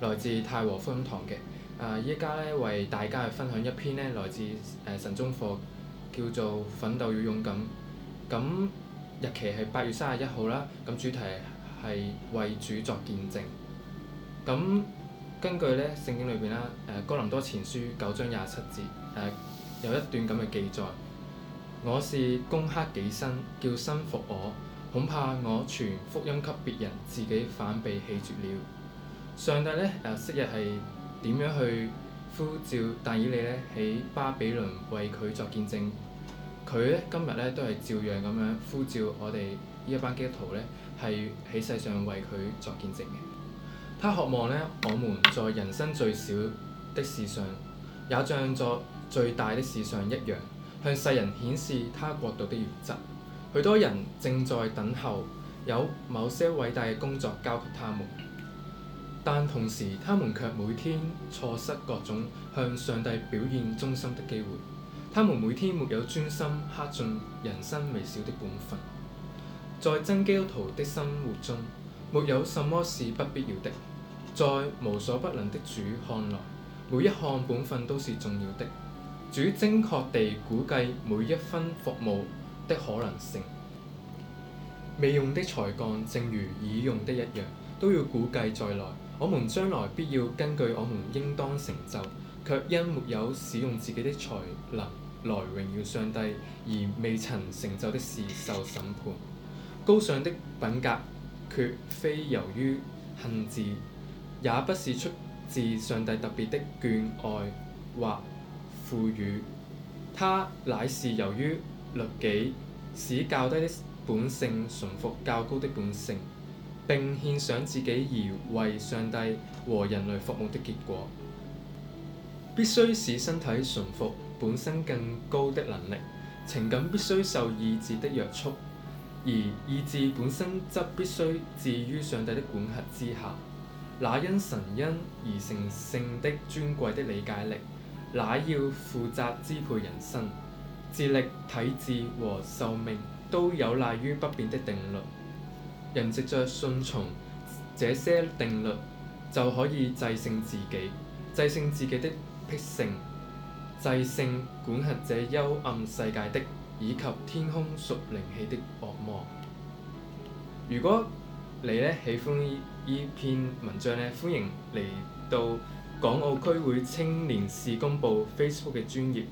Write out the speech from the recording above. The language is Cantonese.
來自太和福音堂嘅，啊、呃，依家咧為大家去分享一篇咧來自誒、呃、神中課叫做《奮鬥與勇敢》。咁日期係八月三十一號啦。咁主題係為主作見證。咁根據咧聖經裏邊啦，誒、呃、哥林多前書九章廿七節誒有一段咁嘅記載：我是攻克己身，叫身服我，恐怕我傳福音給別人，自己反被棄絕了。上帝咧誒、啊、昔日係點樣去呼召但以理咧喺巴比倫為佢作見證，佢咧今日咧都係照樣咁樣呼召我哋呢一班基督徒咧係喺世上為佢作見證嘅。他渴望咧我們在人生最小的事上，也像作最大的事上一樣，向世人顯示他國度的原則。許多人正在等候，有某些偉大嘅工作交給他們。但同時，他們卻每天錯失各種向上帝表現忠心的機會。他們每天沒有專心恪盡人生微小的本分。在真基督徒的生活中，沒有什麼是不必要的。在無所不能的主看來，每一項本分都是重要的。主精確地估計每一分服務的可能性。未用的才幹，正如已用的一樣，都要估計在內。我們將來必要根據我們應當成就，卻因沒有使用自己的才能來榮耀上帝而未曾成就的事受審判。高尚的品格決非由於恨字，也不是出自上帝特別的眷愛或賦予，它乃是由於律己，使較低的本性順服較高的本性。並獻上自己而為上帝和人類服務的結果，必須使身體順服本身更高的能力；情感必須受意志的約束，而意志本身則必須置於上帝的管轄之下。那因神恩而成聖的尊貴的理解力，那要負責支配人生、智力、體質和壽命，都有賴於不變的定律。人藉著順從這些定律，就可以制勝自己，制勝自己的癖性，制勝管轄者幽暗世界的以及天空屬靈氣的惡魔。如果你咧喜歡呢篇文章咧，歡迎嚟到港澳區會青年事工部 Facebook 嘅專頁。